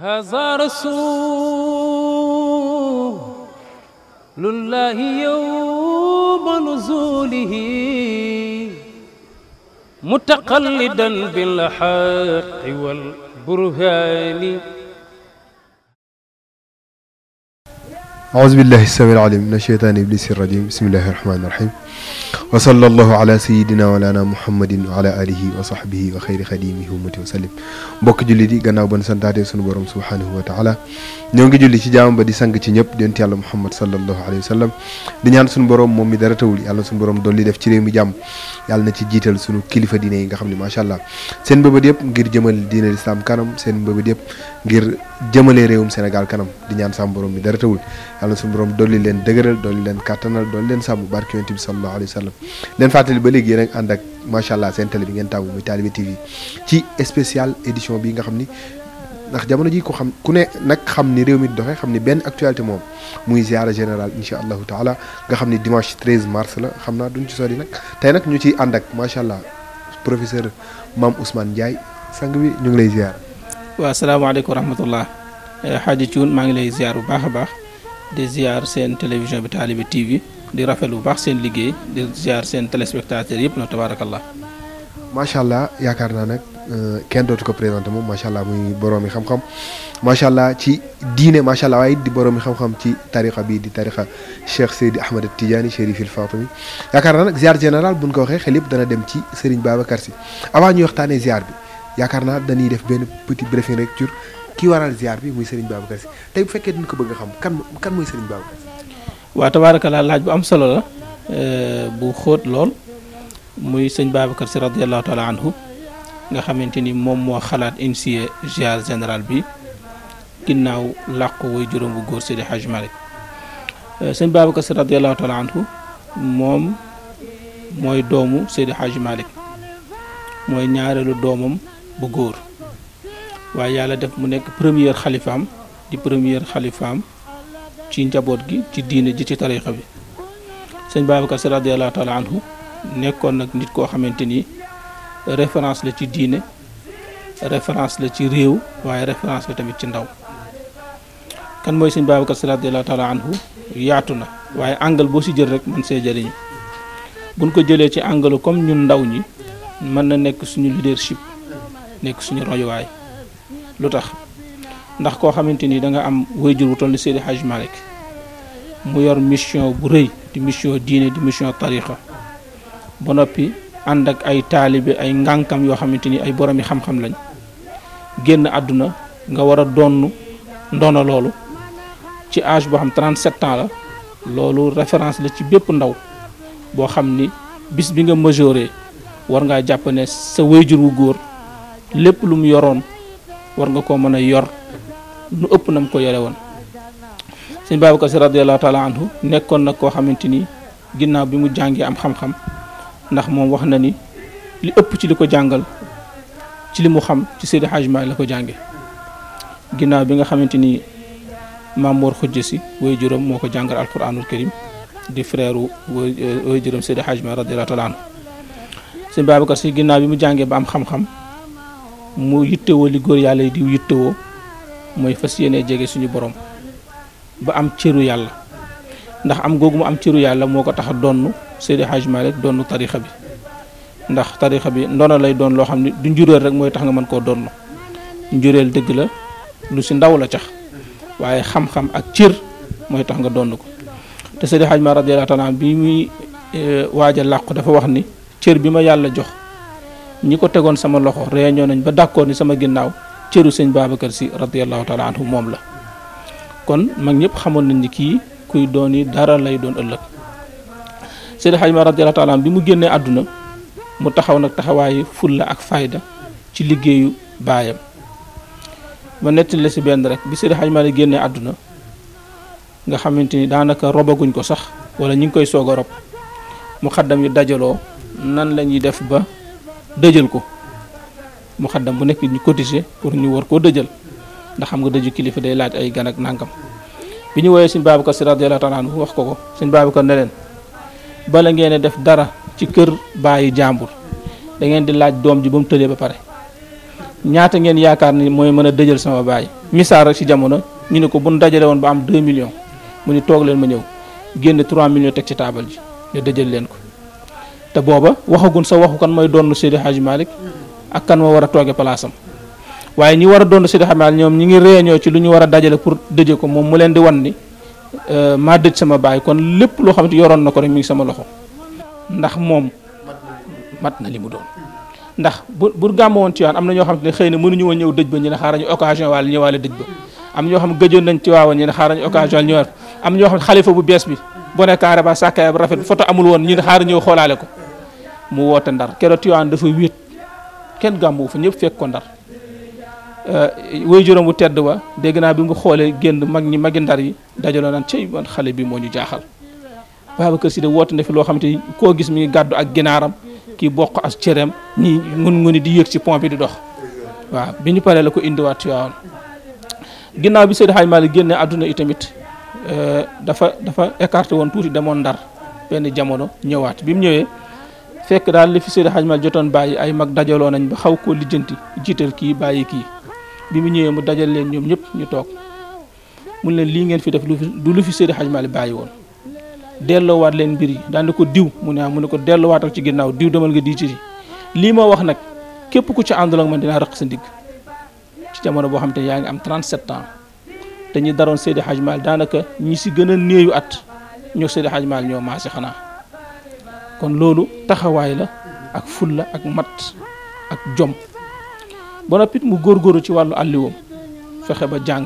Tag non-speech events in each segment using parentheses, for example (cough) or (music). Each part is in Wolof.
هذا رسول الله يوم نزوله متقلدا بالحق والبرهان أعوذ بالله السميع العليم من الشيطان إبليس الرجيم بسم الله الرحمن الرحيم وصلى الله على سيدنا ولانا محمد وعلى اله وصحبه وخير خديمه مت وسلم بوك جولي دي غنا بون سانتاتي سونو بوروم سبحانه وتعالى نيوغي جولي سي جام دي سانغ سي نيب دونت يالله محمد صلى الله عليه وسلم دي نان سونو بوروم مومي دارا تاول يالله سونو بوروم دولي ديف سي ريمي جام يالله نتي جيتال سونو كليفه ديني غا خامني ما شاء الله سين بوبو ديب غير جمال دين الاسلام كانم سين بوبو ديب غير جمالي ريوم سنغال كانم دي نان سام بوروم مي دارا تاول يالله سونو بوروم دولي لين دغرل دولي لين كاتانال دولي لين سامو باركيو نتي صلى sallallahu alayhi wa sallam leen fàttali ba léegi yéen ak ànd ak macha allah seen télé bi ngeen tàggu muy Talibé TV ci spécial édition bi nga xam ni ndax jamono ji ko xam ku ne nag xam ni réew mi doxee xam ni benn actualité moom muy ziara général incha allahu taala nga xam ni dimanche 13 mars la xam naa duñ ci sori nag tey nag ñu ciy ànd ak macha allah professeur Mame Ousmane Ndiaye sang bi ñu ngi lay ziar. waaw salaamaaleykum wa rahmatullah xaaji Cuun maa ngi lay ziar bu baax a baax di ziar seen télévision bi Talibé TV. di rafetlu bu baax seen liggéey di ziar seen téléspectateurs yëpp na tabaarakallah macha allah yaakaar naa nag kenn dootu ko présenté moom macha allah muy boroomi xam-xam macha allah ci diine macha allah waaye di boroomi xam-xam ci tariqa bi di tariqa Cheikh Seydi Ahmed Tidiane Chérif El Fatimi yaakaar naa nag ziar général ñu ko waxee xel yëpp dana dem ci Serigne Babacar Sy avant ñuy waxtaanee ziar bi yaakaar naa dañuy def benn petit briefing rek jur ki waral ziar bi muy Serigne Babacar Sy tey bu fekkee duñ ko bëgg a xam kan kan mooy Serigne Babacar Sy waa tabaarakallaa laaj bu am solo la eh, bu xóot lool muy sëñ Babacar si radiallahu taala anhu nga xamante ni moom moo xalaat initié ziar général bi ginnaaw làqu way juróom bu góor Seydi Hadj Malick eh, sëñ Babacar si radiallahu taala anhu moom mooy doomu Seydi Hadj Malick mooy ñaareelu doomam bu góor waaye yàlla def mu nekk premier xalifaam di première xalifaam ci njaboot gi ci diine ji ci tarixa bi sëñ Babacar Sy radiyallahu taala anhu nekkoon nag nit koo xamante ni référence la ci diine référence la ci réew waaye référence la tamit ci ndaw kan mooy sëñ Babacar Sy radiyallahu taala anhu yaatu na waaye angle boo si jël rek mën see jëriñu buñ ko jëlee ci angle comme ñun ndaw ñi mën na nekk suñu leadership nekk suñu royuwaay lu tax ndax koo xamante ni da am wayjur wu toll ni Seydi Hadj Malick mu yor mission bu rëy di mission diine di mission tariqa ba noppi ànd ak ay taalibe ay ngànkam yoo xamante ni ay boromi xam-xam lañ génn àdduna nga war a donn ndono loolu ci âge boo xam 37 ans la loolu référence la ci bépp ndaw boo xam ni bis bi nga majoré war ngaa jàpp ne sa wéyjur wu góor lépp lu mu yoroon war nga ko mën a yor nu ëpp na mu ko yore woon sëñ Babacar Si radiyallahu taala anhu nekkoon nag koo xamante ni ginnaaw bi mu jàngee am xam-xam ndax moom wax na ni li ëpp ci li ko jàngal ci li mu xam ci Seydi Hadji la ko jànge ginnaaw bi nga xamante ni Mamour si way juróom moo ko jàngal alquranul karim di freeru way juróom Seydi Hadji Malick radiyallahu taala anhu sëñ Babacar Si ginnaaw bi mu jàngee ba am xam-xam mu yittewoo li góor yàlla yi di yittewoo mooy fas yéene jege suñu borom ba am cëru yàlla ndax am googu mu am cëru yàlla moo ko tax a donn Seydi Hajj Malick donn tarixa bi ndax tarixa bi ndono lay doon loo xam ne du njuréel rek mooy tax nga mën koo donn njureel dëgg la lu si ndaw la cax waaye xam-xam ak cër mooy tax nga donn ko te Seydi Hajj Malick radiyallahu taala bi muy eh, waaj a làqu dafa wax ni cër bi ma yàlla jox ñi ko tegoon sama loxo réunion nañ ba d'accord ni sama ginnaaw céru sëñ Babacar si radiyallahu taala anhu moom la kon mag ñëpp xamoon nañ ni kii kuy dooni dara lay doon ëllëg Seydi Hadji Malick radiyallahu taala bi mu génnee àdduna mu taxaw nag taxawaayu fulla ak fayda ci liggéeyu baayam ma nettali la si benn rek bi Seydi Hadji Malick génnee àdduna nga xamante ni daanaka robaguñ ko sax wala ñu ngi koy soog a rob mu xaddam yi dajaloo nan la ñuy def ba dëjal ko mu xaddam bu nekk ñu cotiser pour ñu war koo dëjal ndax xam nga dëju kilifa day laaj ay gan ak nangam bi ñu woyee suñ babacar si radiallahu taala anhu wax ko ko suñ babacar ne leen bala ngeen def dara ci kër bàyyi jàmbur da ngeen di laaj doom ji ba mu tëlee ba pare ñaata ngeen yaakaar ni mooy mën a sama bàyyi misaal rek si jamono ñu ne ko bu dajale woon ba am 2 millions mu ni toog leen ma ñëw génn 3 millions teg ci table ji ñu dëjal leen ko te booba waxagun sa waxu kan mooy doon seydi haji malik ak kan moo war a tooge waaye ñi war a doon Sidi Ahmed ñoom ñi ngi réunion ci lu ñu war a pour dëje ko moom mu leen di wan ni euh, maa dëj sama baay kon lépp loo xam ne yoroon na ko rek mi sama loxo ndax moom mat na li mu doon. ndax bu bu gàmmoon Tiwaawan am na ñoo xam ne xëy na mënuñu woon ñëw dëj ba ñu ne xaaral ñu occasion wala ñëwaale dëj ba am ñoo xam gëjoon nañ Tiwaawan ñu ne xaaral ñu occasion ñëwaat am ñoo xalifa bu bees bi bu ne carré ba sàkkaay bu rafet photo amul woon ñi ne xaaral ñëw xoolaale ko mu woote ndar keroog Tiwaawan dafa wéet kenn gàmmu fa ñëpp fekk ko ndar Euh, way juróom bu tedd ba dégg naa bi mu xoolee génn mag ñi magi yi dajaloo naan cey man xale bi moo ñu jaaxal Babacar Sy de na fi loo xamante ni koo gis mi gàddu ak ginaaram kii bokk ak cëram ñi ngun di yéeg ci pont bi di dox waaw bi ñu paree la ko indiwaat Tiwaawan ginnaaw bi Seydi Hadj Malick génne àdduna itamit euh, dafa dafa écarte woon tuuti demoon ndar benn jamono ñëwaat bi mu ñëwee fekk daal li fi Seydi Hadj jotoon bàyyi ay mag dajaloo nañ ba xaw koo lijjanti jiital kii bàyyi kii bi mu ñëwee mu dajal leen ñoom ñëpp ñu toog mun leen lii ngeen fi def lu du lu fi Seydi Hadj Malick bàyyi woon delloowaat leen mbir yi daan ko diw mu ne ah mu ne ko delloowaat ci ginnaaw diw demal nga di ci lii moo wax nag képp ku ci àndul ak man dinaa rëq sa ndigg ci jamono boo xam te yaa ngi am 37 ans te ñi daroon Seydi Hadj daanaka ñi si gën a néewu at ñoo Seydi Hadj Malick ñoo maase xanaa kon loolu taxawaay la ak la ak mat ak jom. ba noppit mu góoru ci wàllu àlliwoom fexe ba jàng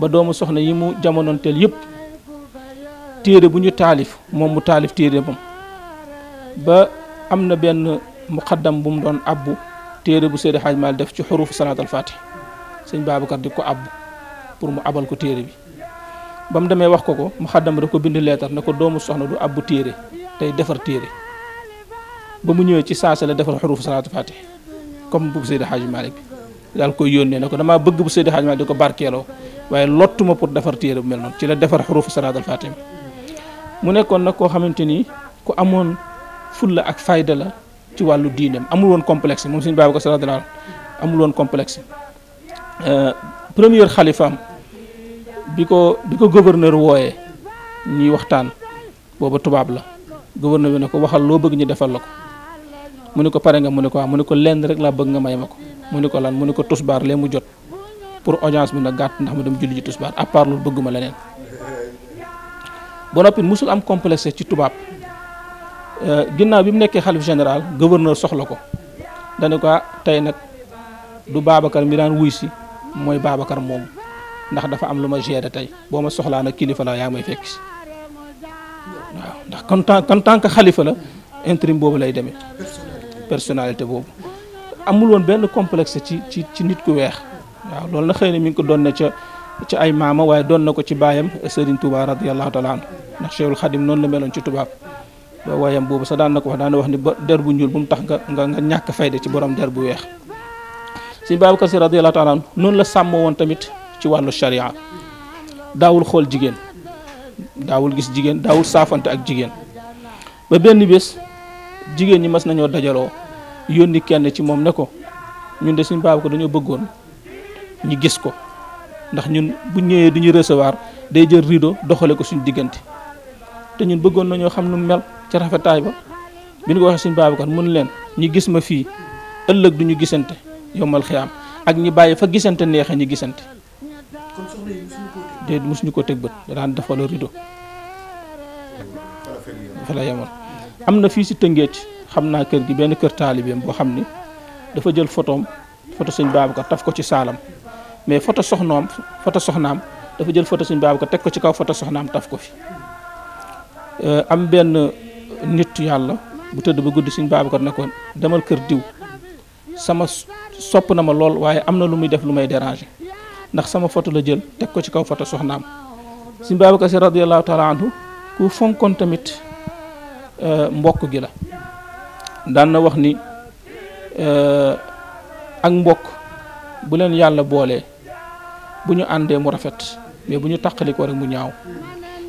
ba doomu soxna yi mu jamonoonteel yépp téere bu ñu taalif moom mu taalif téere bam ba am na benn muqaddam bu mu doon abbu téere bu Seydi Hadj Mal def ci xurufu salaatal fatih sëñ Babacar di ko abbu pour mu abal ko téere bi ba mu demee wax ko ko muqaddam da ko bind leetar ne ko doomu soxna du abbu téere tey defar téere ba mu ñëwee ci saase la defar xurufu salaatal fatih comme bu Seydi Hadji Malick daal koy yónnee na ko damaa bëgg bu Seydi Hadji Malick di ko barkeeloo waaye lottuma pour defar téere bu mel noonu ci la defar xurufu salaat al mu nekkoon nag koo xamante ni ku amoon fulla ak fayda la ci wàllu diineem amul woon complexe moom suñu baaba ko salaat al amul woon complexe euh, premier xalifaam bi ko bi ko gouverneur wooyee ñuy waxtaan booba tubaab la gouverneur bi ne ko waxal loo bëgg ñu defal la ko mu ne ko pare nga mu ne ko mu ne ko lenn rek laa bëgg nga may ma ko mu ne ko lan mu ne ko tusbaar lee mu jot pour audience bi nag gàtt ndax mu dem julli ji tusbaar à part loolu bëgguma leneen ba noppi musul am complexe ci tubaab euh, ginnaaw bi mu nekkee xalif général gouverneur soxla ko dana ko ah, tey nag du Babacar mi daan wuy si mooy Babacar moomu ndax dafa am lu ma géré tey boo ma soxlaa nag kilifa laa yaa may fekk si waaw ndax kon tant kon tant que xalifa la intérim boobu lay demee personnalité boobu amul woon benn complexe ci ci ci nit ku weex waaw loolu na xëy na mi ngi ko doon ne ca ci ay maama waaye doon na ko ci baayam Serigne Touba radiyallahu taala anhu ndax Cheikhul Khadim noonu la meloon ci tubaab ba waayam boobu sax daan na ko wax daan na wax ni ba der bu ñuul bu mu tax nga nga ñàkk fayda ci borom der bu weex Sëñ Babacar Si radiyallahu taala anhu noonu la sàmm woon tamit ci wàllu charia daawul xool jigéen daawul gis jigéen daawul saafante ak jigéen jigéen ñi mas nañoo dajaloo yónni kenn ci moom ne ko ñun de suñu baaba ko dañoo bëggoon ñu gis ko ndax ñun bu ñëwee du ñu recevoir day jël rideau doxale ko suñu diggante te ñun bëggoon nañoo xam nu mel ca rafetaay ba bi ñu ko waxee suñu baaba ko mun leen ñi gis ma fii ëllëg du ñu gisante yombal xiyaam ak ñi bàyyi fa gisante neexe ñi gisante déedéet mosuñu ko teg bët daan dafa la rideau fa la yemoon am na fii si Tëngéej xam naa kër gi benn kër taalibeem boo xam ni dafa jël photoom photo sëñ Babacar taf ko ci saalam mais photo soxnaam photo soxnaam dafa jël photo sëñ Babacar teg ko ci kaw foto soxnaam taf ko fi euh, am benn nit yàlla bu tëdd ba guddi sëñ Babacar demal kër sama sopp na ma lool waaye am na lu muy def lu may déranger ndax sama photo la jël ci kaw photo soxnaam si radiyallahu anhu ku fonkoon tamit Euh, mbokk gi la daan na wax ni euh, ak mbokk bu leen yàlla boolee bu ñu àndee mu rafet mais bu ñu tàqalikoo rek mu ñaaw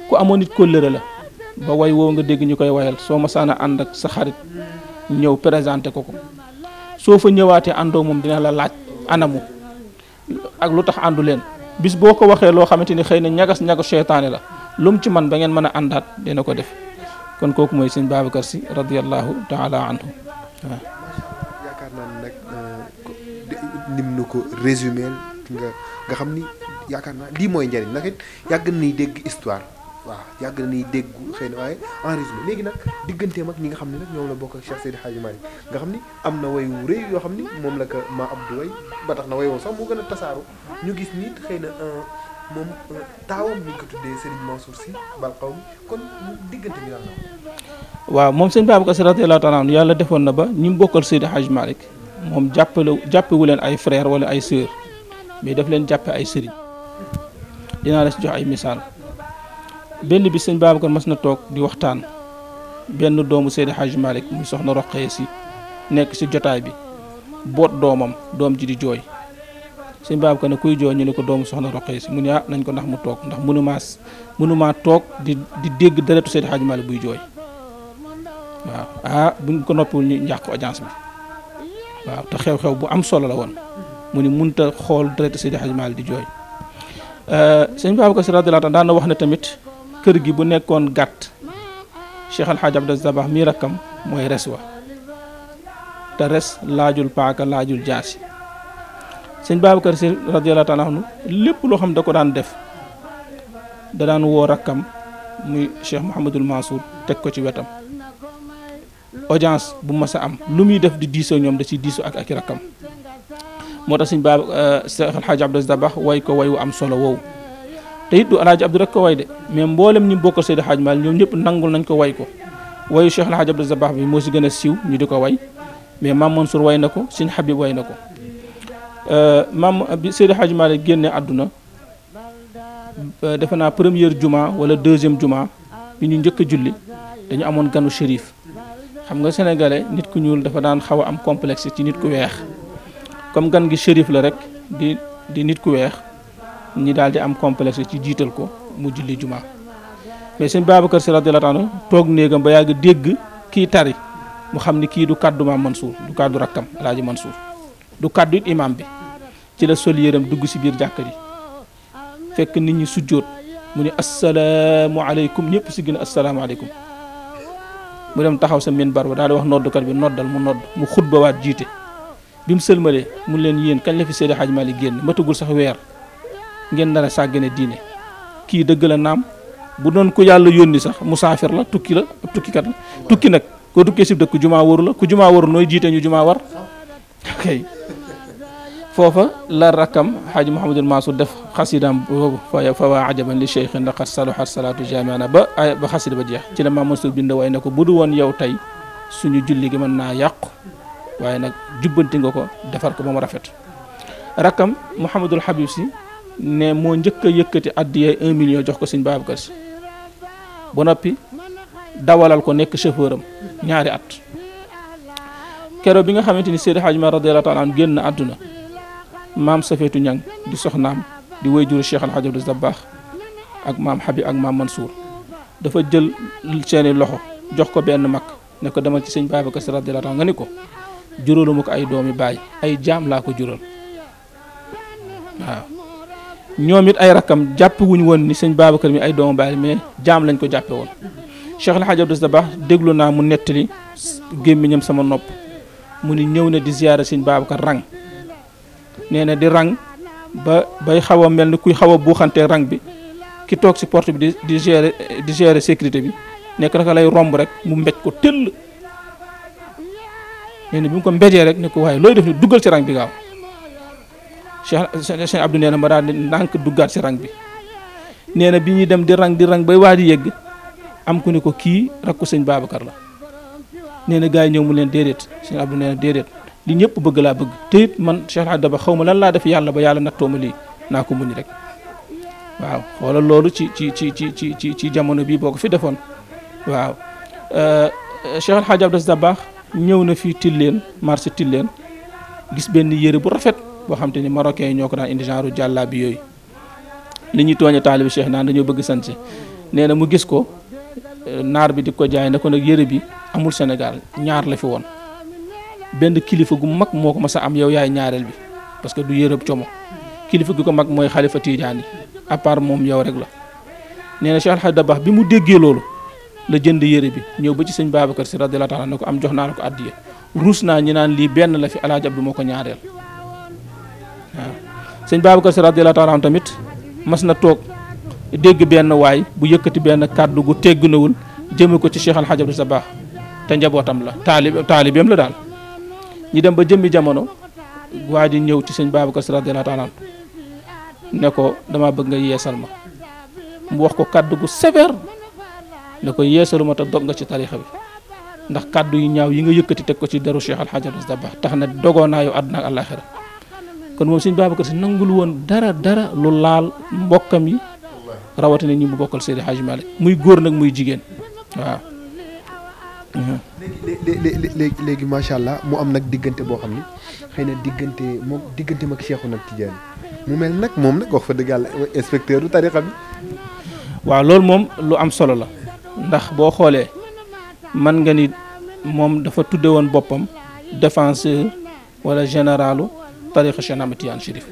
ku amoon nit kóllëre la ba way woo nga dégg ñu koy wayal soo ma masaana ànd ak sa xarit ñëw présenté ko ko soo fa ñëwaatee àndoo moom dina la laaj anamu ak lu tax àndu leen bis boo ko waxee loo xamante ni xëy na ñagas ñagas seetaane la lu mu ci man ba ngeen mën a àndaat dina ko def kon kooku mooy sëñ Babacar si radiyallahu taala anhu yaakaar naa ne nag nim euh, na ko résumé nga xam ni yaakaar naa lii mooy njëriñ nag it yàgg ni dégg histoire waaw yàgg na nañuy dégg xëy na waaye en résumé léegi nag digganteem ak ñi nga xam ne nag ñoom la bokk ak Cheikh Seydi Hadji Malick nga xam ni am na way wu rëy yoo xam ni moom la ko ma Abdou way ba tax na way woo sax moo gën a tasaaru ñu gis nit xëy na euh, moom euh, taawam mi ngi ko tuddee Serigne Mansour Sy waaw moom sëñ Babacar Sy yàlla defoon na ba ñi mu bokkal Seydi Hadj Malick moom jàppale jàppewu leen ay frère wala ay sœur mais daf leen jàppe ay sëriñ dinaa des jox ay misaal benn bi sëñ Babacar mas na toog di waxtaan benn doomu Seydi Hadj Malick muy soxna Roqee si nekk si jotaay bi boot doomam doom ji di jooy. sëñ baab ko ne kuy jooy ñu ne ko doomu soxna roqee si mu ne ah nañ ko ndax mu toog ndax mënumaa maa toog di di dégg deretu Seydi Hadji Malick buy jooy waaw ah buñ ko noppiwul ñu njàq audience bi waaw te xew-xew bu am solo la woon mu ni munta xool deretu Seydi Hadji Malick di jooy euh, sëñ baab ko si radiyallaahu anhu daan na wax ne tamit kër gi bu nekkoon gàtt Cheikh Al Hadj Abdou Zabax mii rakkam mooy res wa te res laajul paaka laajul jaasi sëñ Babacar Si radiyallaahu taala anhu lépp loo xam da ko daan def da daan woo rakkam muy Cheikh Mouhamadul Mansour teg ko ci wetam audience bu mas a am lu muy def di diisoo ñoom da ciy diisoo ak ak i rakkam moo tax sëñ Baaba euh, Cheikh Alhaaji Abdou Dabax way ko way wu am solo wow te it du Alhaaji rek ko way de mais mboolem ñi bokkal Seydi Hadj Mal ñoom ñëpp nangul nañ ko way ko wayu Cheikh Alhaaji Abdou Dabax bi moo si gën a siiw ñu di ko way mais Maam Mansour way na ko sëñ Habib way na ko Euh, maam bi Seydi Hadji Malick génne àdduna euh, defe naa première juma wala deuxième juma bi ñu njëkk a julli dañu amoon ganu shérif xam nga sénégalais nit ku ñuul dafa daan xaw a am complexe ci nit ku weex comme gan gi shérif la rek di di nit ku weex ñi daal di am complexe ci jiital ko mu julli juma mais sëñ Babacar Sy radiyallahu anhu toog néegam ba yàgg dégg kii tari mu xam ni kii du kàddu maam Mansour du kàddu rakkam El Hadji du kàddu imaam bi ci la sol yéram dugg ci biir jàkka ji fekk nit ñi sujjóot mu ne asalaamualeykum ñëpp si gën a asalaamualeykum mu dem taxaw sa minbar ba daal wax noddukat bi noddal mu nodd mu xutbawaat jiite bi mu sëlmalee mu leen yéen kañ la fi Seydi Hadj Malick génn matagul sax weer ngeen nar a sàggane diine kii dëgg la naam bu doon ko yàlla yónni sax musaafir la tukki la tukkikat tukki nag koo tukkee si dëkk ku jumaa waru la jumaa waru nooy jiite ñu jumaa war (laughs) فوفا لا ركم حاج محمد الماسود دف خسيدا فيا فوا عجبا للشيخ ان قد صلح الصلاه جامعنا با با خسيد با جيخ تي ما مسود بيند واي نكو بودو وون ياو تاي سونو جولي غي من نا ياق واي نك جوبنتي غوكو دفر كو رافيت ركم محمد الحبيب سي ني مو نجهك يكهتي اديه 1 مليون جوخ كو سين باب كرس بو نوبي داولال كو نيك شوفورم نياري ات كيرو بيغا خامتيني سيد حاج محمد رضي الله تعالى عنه maam Safeetu Ñang di soxnaam di wayjuru Cheikh Al Hadj Abdou Dabakh ak maam Habib ak maam Mansour dafa jël seeni loxo jox ko benn mag ne ko demal ci sëñ Babacar Sy radiyallaahu anhu nga ni ko juróolu ma ko ay doomi baay ay jaam laa ko jural waaw ñoom it ay rakkam jàppe woon ni sëñ Babacar mi ay doomu baay mais jaam lañ ko jàppe woon Cheikh El Hadj Abdou baax déglu naa mu nettali gémmiñam sama nopp mu ni ñëw na di ziyaara sëñ Babacar rang nee na di rang ba bay xawa melni kuy xawa a rang bi ki tok ci porte bi di di gérer di gérer sécurité bi nek dafa lay romb rek mu mbecc ko teul nee bu ko mbéjee rek ne way loy def ni duggal ci rang bi gaaw Cheikh Cheikh Abdou nee ma daal di duggal ci rang bi nee biñu dem di rang di rang bay waa yegg am ku ne ko kii rakku seigne babakar la nee gaay ñew mu len dedet Cheikh Abdou nee dedet li ñëpp bëgg laa bëgg te it man Cheikh Abdou Daba xaw ma lan laa def yàlla ba yàlla nattoo ma naa ko muñ rek waaw xoolal loolu ci ci ci ci ci ci ci jamono bii boo ko fi defoon waaw euh, Cheikh El Hadj Abdou baax ñëw na fii Tilleen marché Tilleen gis benn yére bu rafet boo xam te ni marocain yi ñoo ko daan indi genre jàllaa bi yooyu li ñuy tooñe taalibi Cheikh naan dañoo bëgg sanse nee na mu gis ko euh, naar bi di ko jaay ne ko nag yére bi amul Sénégal ñaar la fi woon benn kilifa gu mag moo ko mas a am yow yaay ñaareel bi parce que du yërëb como kilifa gi ko mag mooy xalifa Tiijaan yi à part moom yow rek la nee na Cheikh Alhaji Dabax bi mu déggee loolu la jënd yëre bi ñëw ba ci sëñ Babacar si radiyallaahu taala ne ko am jox naa la ruus naa ñi naan lii benn la fi Alaaji Abdu moo ko ñaareel waaw sëñ Babacar tamit mas na toog dégg benn waay bu yëkkati benn kàddu gu tegginawul jëme ko ci Cheikh Alhaji Abdou Sabah te njabootam la taali taalibeem la daal ñu dem ba jëmmi jamono waa ji ñëw ci sëñ Babacar Sy radiyallahu taala ne ko damaa bëgg nga yeesal ma mu wax ko kàddu gu sévère ne ko yeesalu ma te dog nga ci tarixa bi ndax kàddu yu ñaaw yi nga yëkkati teg ko ci daru Cheikh Al Hadj Abdou Dabakh tax na dogoo naa yow àdduna ak àllaaxira kon moom sëñ Babacar Sy nangul woon dara dara lu laal mbokkam yi rawatina ñi mu bokkal Seydi Hadji Malick muy góor nag muy jigéen waaw léegi léegi léegi léegi macha allah mu am nag diggante boo xam ni xëy na diggante moom diggante mag Cheikhu nag Tidiane mu mel nag moom nag wax fa dëgg yàlla inspecteur du tariqa bi. waaw loolu moom lu am solo la ndax boo xoolee mën nga ni moom dafa tudde woon boppam défenseur wala généralu tariqa Cheikh Ahmed Tidiane Chérif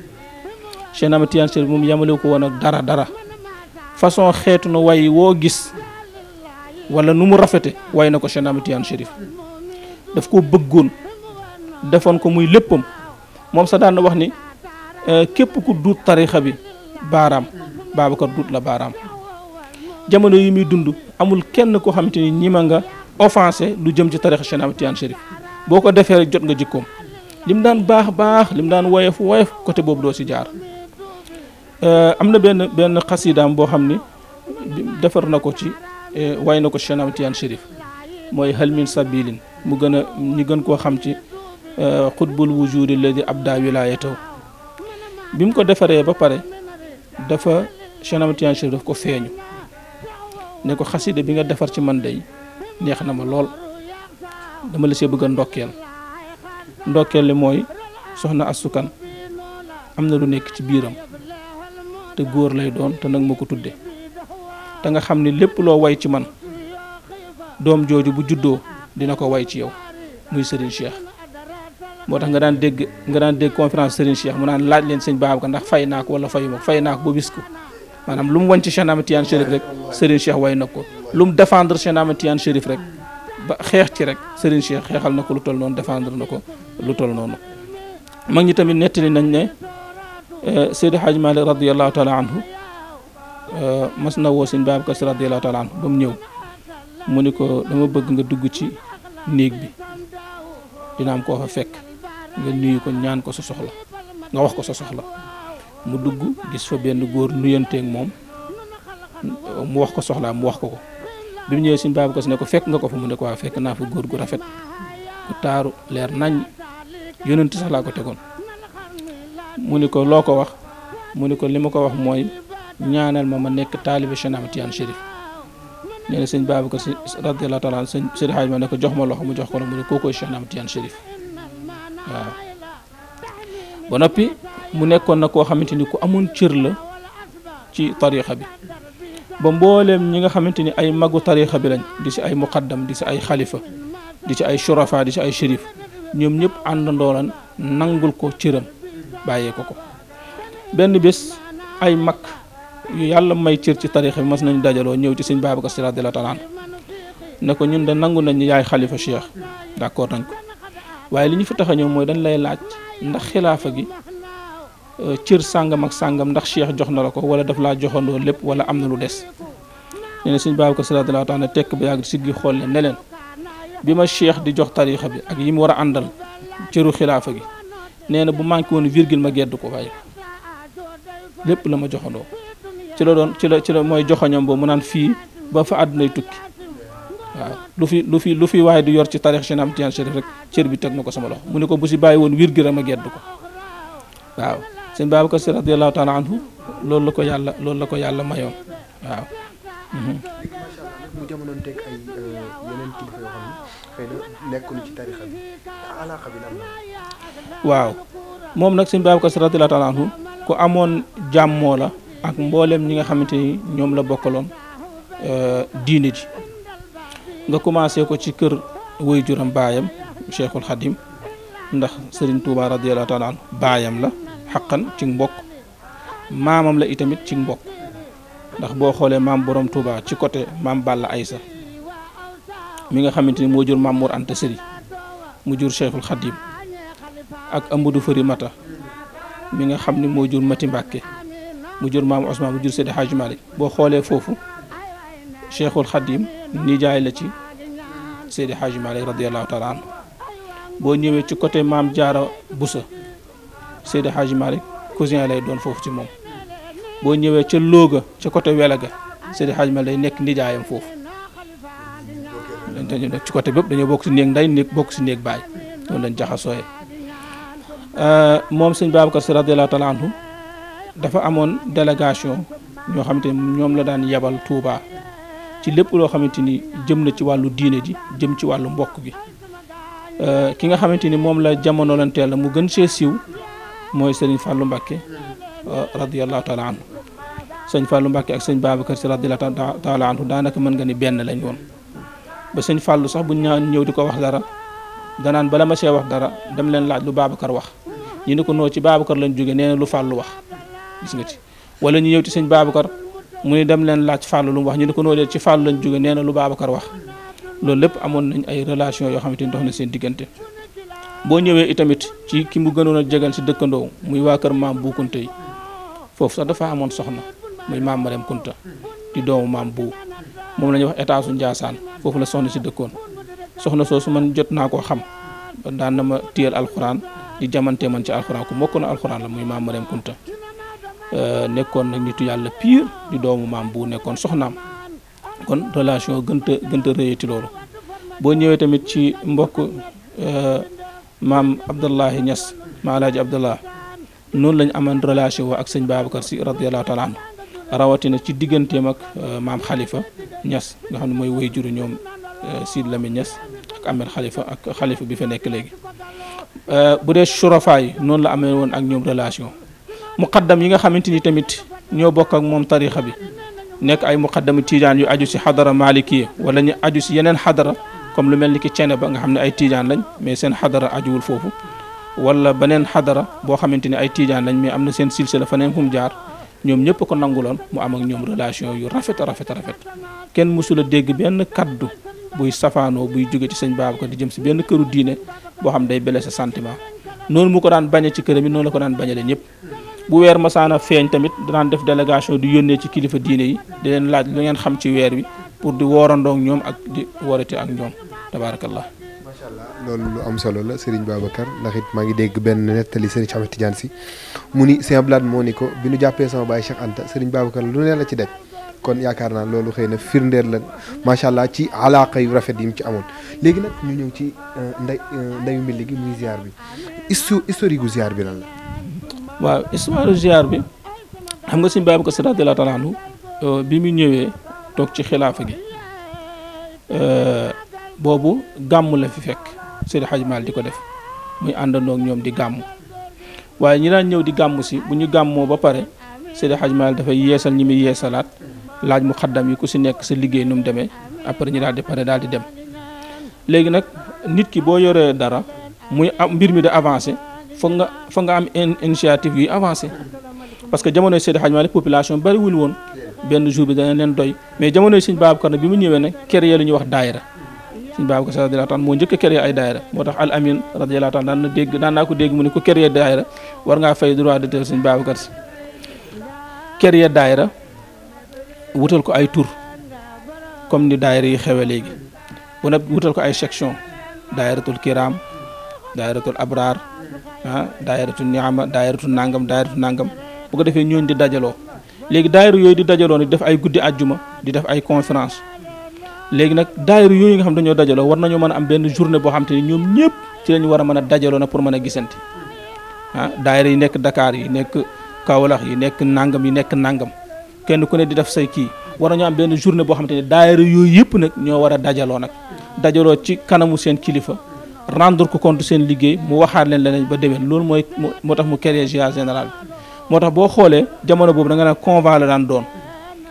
Cheikh Ahmed Tidiane Chérif moom yamale ko woon ak dara dara façon xeetu na way woo gis. wala nu mu rafete way na ko Cheikh Ahmad Tidiane Chérif daf ko bëggoon defoon ko muy léppam moom sa daan wax ni eh, képp ku duut tarixa bi baaraam Babacar duut la baaraam jamono yi muy dund amul kenn koo xamante ni ñi ma nga offensé lu jëm ci tarixa Cheikh Ahmad Tidiane boo ko defee rek jot nga jikkoom mu daan baax baax li mu daan woyof woyof côté boobu doo si jaar eh, am na benn benn xasidaam boo xam ni defar na ko ci Eh, way na ko Cheikh Ahmad Tidiane Chérif mooy halmin sabilin mu gën a ñi gën koo xam ci eh, xutbul wujudi alladi abda wilayatahu bi mu ko defaree ba pare dafa Cheikh Ahmad daf ko feeñu ne ko xasida bi nga defar ci man day neex na ma lool dama la see bëgg a ndokkeel ndokkeel li mooy soxna asukan am na lu nekk ci biiram te góor lay doon te nag ma ko tudde te nga xam ne lépp loo way ci man doom jooju bu juddoo dina ko way ci yow muy Serigne Cheikh moo tax nga daan dégg nga daan dégg conférence Serigne Cheikh mu naan laaj leen sëñ Babacar ndax fay naa ko wala fayuma fay naa ko ba bis ko maanaam lu mu wañ ci Cheikh Ahmad Tidiane rek Serigne Cheikh way na ko lu mu defendre Cheikh Ahmad Tidiane rek ba xeex ci rek Serigne Cheikh xeexal na ko lu toll noonu défendre na ko lu toll noonu mag ñi tamit nettali nañ ne euh, Seydi Hadj Malick radiyallahu taala Euh, mas na woo sëñ Babacar Sy radiyallahu taala anhu ba mu ñëw mu ni ko dama bëgg nga dugg ci néeg bi dina am koo fa fekk nga nuyu ko ñaan ko sa soxla nga wax ko sa soxla mu dugg gis fa benn góor nuyanteeg moom mu wax ko soxlaa mu wax ko ko bi mu ñëwee sëñ ko si ne ko fekk nga ko fa mu ne ko waa fekk naa fa góor gu rafet ku taaru leer nañ yonent sax ko tegoon mu ni ko loo ko wax mu ni ko li ma ko wax mooy ñaanal ma ma nekk taalibe Cheikh Ahmed Tidiane Chérif na sëñ Babacar Si radiyallahu taala sëñ Seydi Hadj ma ko jox ma loxo mu jox ko la mu ne kookoy Cheikh noppi mu nekkoon na koo xamante ni ku amoon cër la ci tarixa bi ba mbooleem ñi nga xamante ni ay magu tarixa bi lañ di si ay muqaddam di si ay xalifa di si ay shurafa di si ay sérif ñoom ñëpp àndandoolan nangul ko cëram bàyyee ko benn bés ay mag yàlla may cër ci tarixa bi mas nañu dajaloo ñëw ci sëñ Babacar Sy radiyallahu taala ne ko ñun de nangu nañu yaay xalifa cheikh d'accord nañ ko waaye li ñu fi tax a ñëw mooy dañ lay laaj ndax xilaafa gi cër sàngam ak sàngam ndax cheikh jox na la ko wala daf laa joxandoo lépp wala am na lu des nee na sëñ Babacar Sy radiyallahu taala tekk ba yàgg siggi xool leen ne leen bi ma cheikh di jox tarixa bi ak yi mu war a àndal cëru xilaafa gi nee na bu manqué woon virgule ma gedd ko waaye lépp la ma joxandoo ci la don ci la ci la moy joxoñam bo mu nan fi ba fa àddunay tukki lu fi lu fi lu fi way du yor ci tarikh Cheikh tian Tidiane rek cieur bi tek nako sama lox mu ne ko bu si bàyyi woon wir gërëm gedd ko waaw babu ko sir radiyallahu taala anhu loolu la ko yàlla loolu la ko yàlla mayoon waaw mhm. mu jamonoon teg ay euh, yeneen kilifa yoo xam ne xëy ci tarixa bi alaaka bi lan la waaw moom nag sëñ Babacar radiyallahu taala anhu ku amoon jàmmoo ak mbooleem ñi nga xamante ni ñoom la bokkaloon euh, diine ji nga commencé ko ci kër woy juram baayam cheikhul xadim ndax sëriñ Touba radiallahu taala anhu baayam la xaqan ci mbokk maamam la itamit ci mbokk ndax boo xoolee maam borom Touba ci côté maam Balla Aysa mi nga xamante ni moo jur maam Mor mu jur cheikhul xadim ak Amadou Fari Mata mi nga xam ni moo jur Mati Mbàkke mu jur maam Ousmane mu jur Seydi Hadji boo xoolee foofu Cheikhul Khadim nijaay la ci Seydi Hadji Malick radiyallahu taala anhu boo ñëwee ci côté maam Jaara Busa Seydi Hadji Malick cousin lay doon foofu ci moom boo ñëwee ca Louga ca côté Welaga Seydi Hadji Malick lay nekk nijaayam foofu dañu nekk ci côté bépp dañoo bokk si néeg nday néeg bokk si néeg baay noonu lañ jaxasooyee euh, moom sëñ Babacar Si radiyallahu taala anhu dafa amoon délégation ñoo xamante ni ñoom la daan yebal Touba ci lépp loo xamante ni jëm na ci wàllu diine ji jëm ci wàllu mbokk gi euh, ki nga xamante ni moom la jamono lan teel mu gën see siw mooy sëriñ fàllu Mbakke euh, radiyallahu taala anhu sëñ Fallou Mbakke ak sëñ Babacar si radiyallahu taala anhu daanaka mën nga ni benn lañ woon ba sëñ fàllu sax bu ñaan ñëw di ko wax dara danaan bala ma see wax dara dem leen laaj lu Babacar wax ñu ne ko noo ci Babacar lañ jóge nee lu Fallou wax. gis nga wala ñu ñëw ci sëñ Babacar mu ne dem leen laaj Fallou lu mu wax ñu ne ko noodee ci Fallou lañ jóge nee na lu Babacar wax loolu lépp amoon nañ ay relation yoo xamante ni dox na seen diggante boo ñëwee itamit ci ki mu gënoon a jegal si dëkkandoo muy waa kër maam bu Kunta yi foofu sax dafa amoon soxna muy maam Mariam Kunta di doomu maam bu moom la ñuy wax état su Njaasaan foofu la soxna si dëkkoon soxna soosu man jot naa koo xam daan na ma téyel alxuraan di jamante man ci alxuraan ku mokk na alxuraan la muy maam Mariam Euh, nekkoon nag nitu yàlla pire di doomu maam bu nekkoon soxnaam kon relation gënta gënta rëyati loolu boo ñëwee tamit ci mbokk euh, maam Abdallahi Niass maa alaaji Abdallah noonu lañ amoon relation ak sëñ Babacar si radiallahu taala anhu rawatina ci digganteem ak euh, maam xalifa ñas nga xam ne mooy way juru ñoom Sid Lamine Niass ak Ahmed Khalifa ak Khalifa bi fa nekk léegi bu dee surafa noonu la amee woon ak ñoom relation muqaddam yi nga xamante ni tamit ñoo bokk ak moom tarixa bi nekk ay muqaddamu tiijaan yu aju si xadara malikiya wala ñu aju si yeneen xadara comme lu mel ni ki cene ba nga xam ne ay tiijaan lañ mais seen xadara ajuwul foofu wala beneen xadara boo xamante ni ay tiijaan lañ mais am na seen la faneen fu mu jaar ñoom ñëpp ko loon mu am ak ñoom relation yu rafet rafet rafet kenn a dégg benn kàddu buy safaanoo buy jóge ci sëñ Babacar di jëm si benn këru diine boo xam day bele sa sentiment noonu mu ko daan bañe ci këram yi noonu la ko daan bañale ñëpp bu weer masaana feeñ tamit danaan def délégation di yónnee ci kilifa diine yi di laaj lu ngeen xam ci weer bi pour di woorandoog ñoom ak di woorati ak ñoom tabaarakallah macha allah loolu lu am solo la Serigne Babacar ndax it maa ngi dégg benn nettali Serigne Ahmed Tidiane si mu ni Sëñ Abdou moo ni ko bi nu jàppee sama baay Cheikh Anta Serigne Babacar lu ne la ci daj kon yaakaar naa loolu xëy na firndeel la macha allah ci alaaka yu rafet yi mu ci amoon léegi nag ñu ñëw ci euh, nday euh, ndayu mbilli gi bi histo historique gu bi lan waaw histoire ziar bi xam nga sëñ Babacar Sy radiyallaahu taala anhu euh, bi muy ñëwee toog ci xilaafa gi euh, boobu gàmm la fi fekk Seydi Hadj Mal di ko def muy àndandoo ñoom di gàmm waaye ñi daan ñëw di gàmm si bu ñu gàmmoo ba pare Seydi Hadj Mal dafay yeesal ñi muy yeesalaat laaj mu xaddam yi ku si nekk sa liggéey nu mu demee après ñu daal di pare daal di dem léegi nag nit ki boo yoree dara muy am mbir mi di avancé. foog nga foog nga am initiative yuy avancé parce que jamonoy Seydi Hadj Malick population bariwul woon benn jour bi dana leen doy mais jamonoy siñ Babacar na bi mu ñëwee ne créé lu ñuy wax daayira Sëñ Babacar radiyallahu taala moo njëkk a créé ay daayira moo tax Al Amin radiyallahu taala daan na dégg daan naa ko dégg mu ne ku créé daayira war ngaa fay droit de tel Sëñ Babacar si créé daayira wutal ko ay tur comme ni daayira yi xewee léegi bu ne wutal ko ay section daayiratul kiram daayiratul ah daayiratu niama daayiratu nangam daayiratu nangam bu ko defee ñooñ di dajaloo léegi daayiru yooyu di dajaloo nag def ay guddi àjjuma di def ay conférence léegi nag daayiru yooyu nga xam dañoo dajaloo war nañoo mën a am benn journée boo xam te ni ñoom ñëpp ci lañu war a mën a dajaloo pour mën a gisante ah daayira yi nekk Dakar yi nekk Kaolack yi nekk nangam yi nekk nangam kenn ku ne di def say kii war nañoo am benn journée boo xam ne daayira yooyu yëpp nag ñoo war a dajaloo nag dajaloo ci kanamu seen kilifa rendre ko compte seen liggéey mu waxaat leen leneen ba déwén loolu mooy moo tax mu créé GIA général moo tax boo xoolee jamono boobu da nga ne convent la daan doon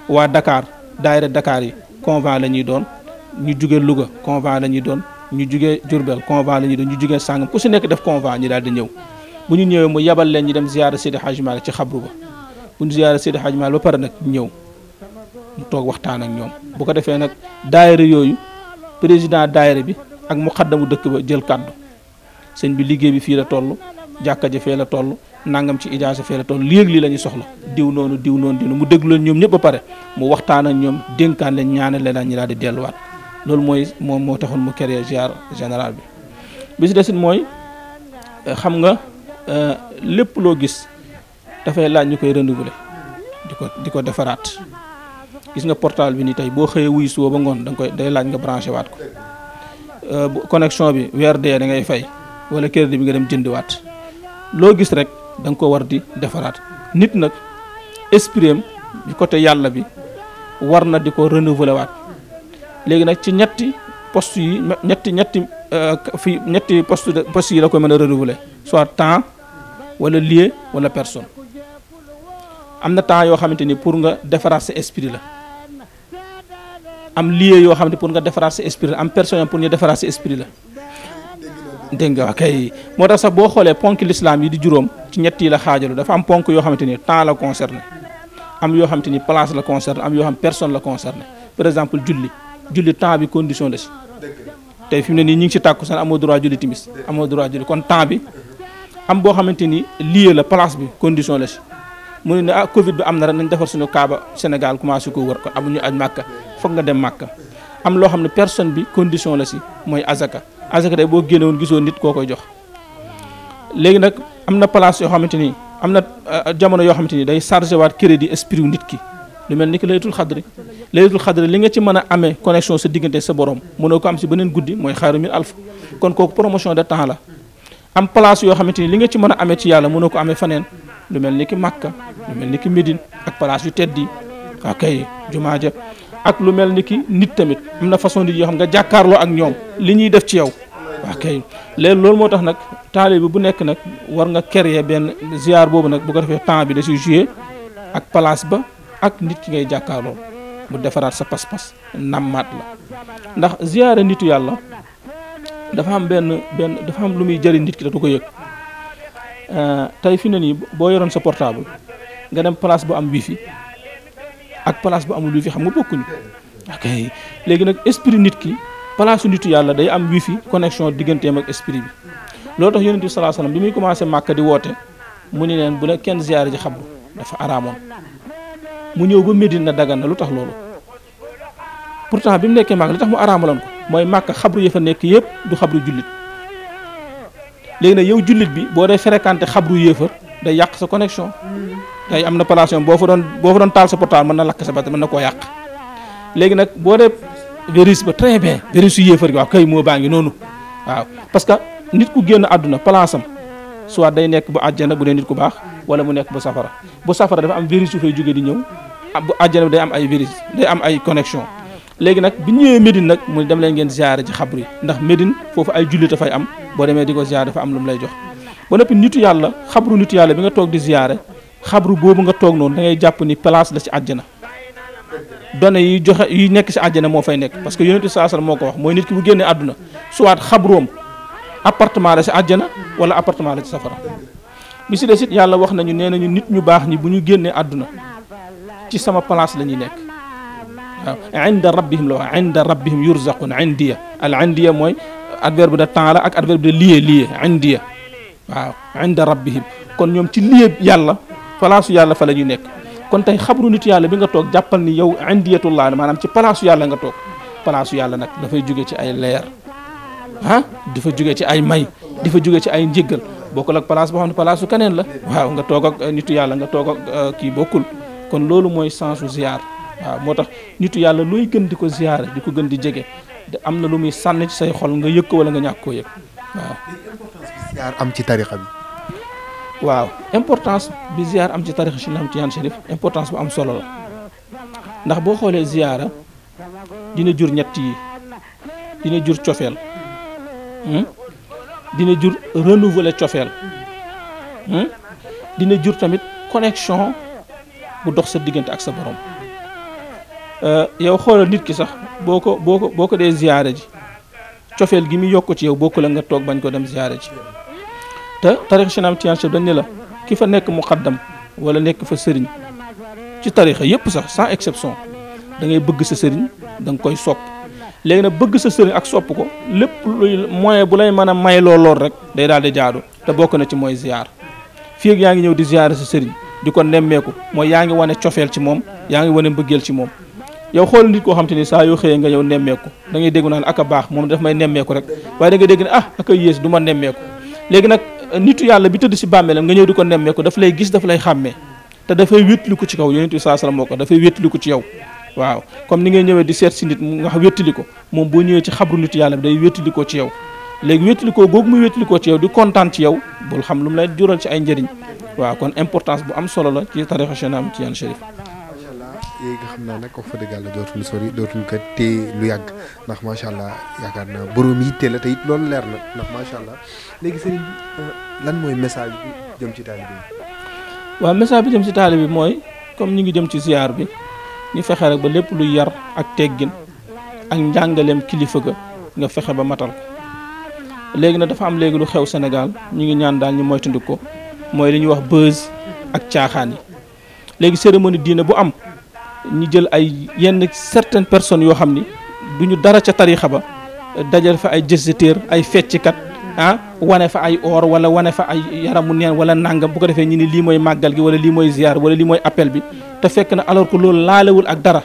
waa dakaar daayira dakaar yi convent la ñuy doon ñu jugee Louga convent la ñuy doon ñu jugee Diourbel convent la ñuy doon ñu jugee Sàngam ku si nekk def convent ñu daal di ñëw bu ñu ñëwee mu yabal leen ñu dem ziyaara Seydi Hadji Malick ci xabru ba bu ñu ziyaara Seydi Hadji Malick ba pare nag ñëw mu toog waxtaan ak ñoom bu ko defee nag daayira yooyu président daayira bi ak mu mu dëkk ba jël kàddu sëñ bi liggéey bi fii la toll jàkka ja fee la toll nangam ci ijaasa fee la toll léegi lii la ñu soxla diw noonu diw noonu diw noonu mu déglu leen ñoom ñëpp ba pare mu waxtaan ak ñoom dénkaan leen ñaanal leen ñu daal di delluwaat loolu mooy moom moo taxoon mu créé ziar général bi. bi si desit mooy xam nga euh, lépp loo gis dafay laaj ñu koy le di ko di ko defaraat gis nga portable bi ni tey boo xëyee wuy suba ba ngoon da nga koy laaj nga branché waat ko. Euh, connexion bi weer dee da ngay fay wala crédit bi nga dem jëndiwaat loo gis rek danga nga ko war di defaraat nit nag esprit bi côté yàlla bi war na di ko renouveler waat léegi nag ci ñetti post yi ñetti ñetti euh, fii ñetti poste de yi la ko mën a renouveler soit temps wala lieu wala personne am na temps yoo xamante ni pour nga defaraat sa esprit la am lieu yoo xam ne pour nga defaraat sa esprit la am personne pour ñu defaraat sa esprit la dégg nga kay moo tax sax boo xoolee ponk lislaam yi di juróom ci ñetti la xaajalu dafa am ponk yoo xamante ni temps la concerné am yoo xamante ni place la concerné am yoo xam personne la concerné par exemple julli julli temps bi condition la si tey fi mu ne nii ñu ngi si tàkkusaan amoo droit julli timis amoo droit julli kon temps bi am boo xamante ni lieu la place bi condition la si mu ne ne ah Covid bi am na rek nañ defar suñu kaaba Sénégal commencé ko wër kon amuñu aj màkka foog dem màkka am loo xam ne personne bi condition la si mooy azaka azaka day boo génne woon gisoo nit koo koy jox léegi nag am na place yoo xamante ni am na euh, jamono yoo xamante ni day chargé crédit esprit nit ki lu mel ni ki laylatul xadri laylatul xadri li nga ci mën a amee connexion sa diggante sa borom mënoo ko am si beneen guddi mooy xayru min alf kon kooku promotion de temps la am place yoo xamante ni li nga ci mën a amee ci yàlla mënoo ko amee faneen lu mel ni ki màkka lu mel ni ki Médine ak palaas yu tedd yi waaw ah, kay jumaa ja ak lu mel ni ki nit tamit am na façon di yoo xam nga jàkkaarloo ak ñoom li ñuy def ci yow waaw ah, kay léegi loolu moo tax nag bi bu nekk nag war nga créer benn ziar boobu nag bu ko defee temps bi da si joué ak place ba ak nit ki ngay jàkkaarloo mu defaraat sa pas-pas nammaat la ndax ziara nitu yàlla dafa am benn benn dafa am lu muy jari nit ki da du ko yëg ah, tey fi ne nii boo yoroon sa portable nga dem place bu am wifi ak place bu amul wifi xam nga bokkuñu léegi nag esprit nit ki place su nitu yàlla day am wifi connexion digganteem ak esprit bi loolu tax yonent bi salaa salaam bi muy commencé màkk di woote mu ni leen bu ne kenn ziyaare ji xabru dafa araamoon mu ñëw ba Medine na dagan lu tax loolu pourtant bi mu nekkee màkk li tax mu araamaloon ko mooy màkk xabru ya fa nekk yëpp du xabru jullit léegi nag yow jullit bi boo dee fréquenté xabru yéefar day yàq sa connexion. Mm. tey am na relation boo fa doon boo fa doon taal sa portable mën na lakk sa bat mën na koo yàq léegi nag boo dee virus ba très bien virus yu yéefar gi waaw kay moo baa ngi noonu waaw parce que nit ku génn àdduna place am soit day nekk bu àjjana bu dee nit ku baax wala mu nekk bu safara bu safara dafa am virus yu fay jóge di ñëw bu àjjana bi day am ay virus day am ay connexion léegi nag bi ñëwee Médine nag mu dem leen ngeen ziare ci xabru yi ndax Médine foofu ay jullit am boo demee di ko ziare dafa am lu lay jox ba noppi nitu yàlla xabru nitu yàlla bi nga toog di ziyaare xabru boobu nga toog noonu da ngay jàpp ni place la ci àjjana données yi joxe yi nekk ci àjjana moo fay nekk parce que yonent saasal moo ko wax mooy nit ki bu génnee àdduna soit xabroom appartement la si àjjana wala appartement la ci safara bi si des it yàlla wax nañu nee nañu nit ñu baax nii bu ñu génnee àdduna ci sama place la ñuy nekk waaw inda rabbihim la wax inda rabbihim yurzaqun indiya al indiya mooy adverbe de temps ak adverbe de lié lié indiya waaw inda rabbihim kon ñoom ci lieu yàlla palaasu yàlla fa la ñuy nekk kon tey xabru nit yàlla bi nga toog jàppal ni yow indiyatullah maanaam ci palaasu yàlla nga toog palaasu yàlla nag dafay jóge ci ay leer ah dafa jóge ci ay may dafa jóge ci ay njéggal bokkul ak palaas boo xam ne palaasu keneen la waaw nga toog ak eh, nitu yàlla nga ak eh, kii bokkul kon loolu mooy sensu ziar waaw moo tax nitu yàlla looy gën di ko ziare di ko gën di jege am na lu muy sànni ci say xol nga yëg ko wala nga ñàkk koo yëg waaw. importance bi ziar am ci tarix bi. waaw importance bi am ci tarixa Cheikh Ahmed Tidiane importance bu am solo la ndax boo xoolee ziara dina jur ñett yi dina jur cofeel hmm? dina jur renouveler cofeel hmm? dina jur tamit connexion bu dox sa diggante ak sa borom euh, yow xoolal nit ki sax boo ko boo ko boo ko dee ziyaare ji cofeel gi muy yokk ci yow bokku la nga toog bañ ko dem ziyaare ci te tarixa Cheikh Ahmed Tidiane dañ ne la ki fa nekk muqaddam wala nekk fa sëriñ ci tarixa yëpp sax sans exception da ngay bëgg sa sëriñ da nga koy sopp léegi nag bëgg sa sëriñ ak sopp ko lépp luy moyen bu lay mën a may loo lool rek day daal di jaadu te bokk na ci mooy ziyaar fii ak yaa ngi ñëw di ziyaare sa sëriñ di ko nemmeeku mooy yaa ngi wane cofeel ci moom yaa ngi wane mbëggeel ci moom yow xool nit koo xam te ni saa yoo xëyee nga ñëw nemmeeku da ngay dégg naan ak a baax moom daf may nemmeeku rek waaye da dégg ne ah a yées du ma nemmeeku léegi nag euh, nitu yàlla bi tëdd si bàmmeelam nga ñëw di ko nemmeeku dafa lay gis daf lay xàmmee te dafay wéttaliku ci kaw yonent saa salaam moo ko dafay wéttaliku ci yow waaw comme ni ngay ñëwee di seet si nit nga wéttali ko moom boo ñëwee ci xabru nitu yàlla bi day wéttalikoo ci yow léegi wéttalikoo googu muy wéttalikoo ci yow di kontaan ci yow bul xam lu mu lay ci ay njëriñ waaw kon importance bu am solo la ci tarixa Cheikh Ahmad Tidiane yi nga xam naa nag wax fa dëgg yàlla dootul sori dootul ko téye lu yàgg ndax macha allah yaakaar naa borom yitte la te it loolu leer na ndax macha allah léegi sëriñ euh, lan mooy message bi jëm ci taalibe bi. waaw message bi jëm ci taalibe bi mooy comme ñu ngi jëm ci ziar bi ñu fexe rek ba lépp luy yar ak teggin ak njàngaleem kilifa ga nga fexe ba matal léegi nag dafa am léegi lu xew senegal ñu ngi ñaan daal ñu moytandiku ko mooy li ñuy wax buzz ak caaxaan yi léegi cérémonie diine bu am. ñu jël ay yenn certaines personnes yoo xam ni duñu dara ca tariixa ba dajal fa ay jësiteer ay fecckat ah wane fa ay or wala wane fa ay yaramu neen wala nangam bu ko defee ñu ni lii mooy màggal gi wala lii mooy ziar wala lii mooy appel bi te fekk na alors que loolu laalewul ak dara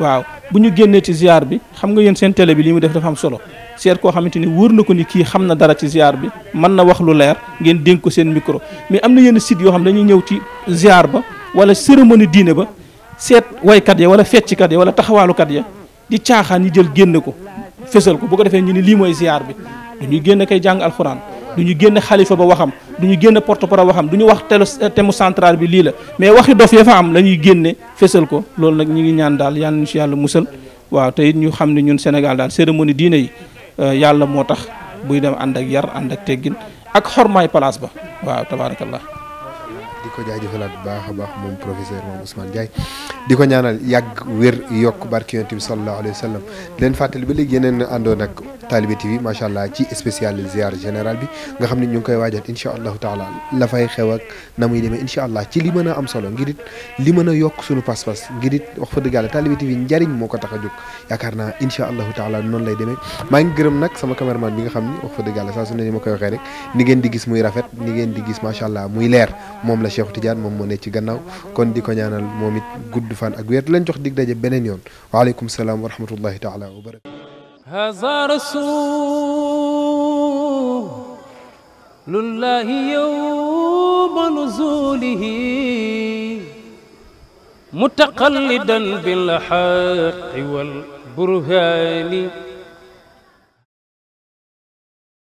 waaw bu ñu génnee ci ziar bi xam nga yéen seen télé bi li mu def dafa am solo seet koo xamante ni wóor na ko ni kii xam na dara ci ziar bi mën na wax lu leer ngeen dénk ko seen micro mais am na yenn site yoo xam dañuy ñëw ci ziar ba wala cérémonie diine ba seet waykat ya wala fecckat ya wala taxawaalukat ya di caaxaan ñu jël génn ko fesal ko bu ko defee ñu ni lii mooy ziar bi du ñu génn koy jàng alxuraan du ñu génn xalifa ba waxam du ñu génn porte-parole waxam du ñu wax telu eh, thème central bi lii la mais waxi dof ya fa am la ñuy génne fésal ko loolu nag ñu ngi ñaan daal yal nañu si yàlla musal waaw te it ñu xam ne ñun Sénégal daal cérémonie diine yi eh, yàlla moo tax buy dem ànd ak yar ànd ak teggin ak xormaay place ba waaw tabaarakallah diko ko jaajëfalaat bu baax a baax moom professeur mom Ousmane Ndiaye di ñaanal yag wér yok barki yonent bi sallallahu alayhi wasallam sallam leen fàttali ba léegi ando nak ak Talibé TV macha allah ci spécial ziar général bi nga xamni ñu koy wajjat incha taala la fay xew ak namuy demé allah ci li mëna am solo ngir it li mëna yok suñu pas pass ngir it wax fa deugal Talibé TV njariñ moko ko taala non lay demé ma ngi gërem nak sama cameraman bi nga xamni wax fa deugal sa su ne ni ma koy waxee rek ni ngeen di gis muy rafet ni ngeen di gis macha allah muy lèr mom la Cheikh Tidiane mom mo ne ci gannaaw kon diko ñaanal momit gudd fan ak wér lañ jox dig dajje benen yoon wa alaykum salaam wa rahmatullahi taala wa barakatuh barakatu لله يوم نزوله متقلدا بالحق والبرهان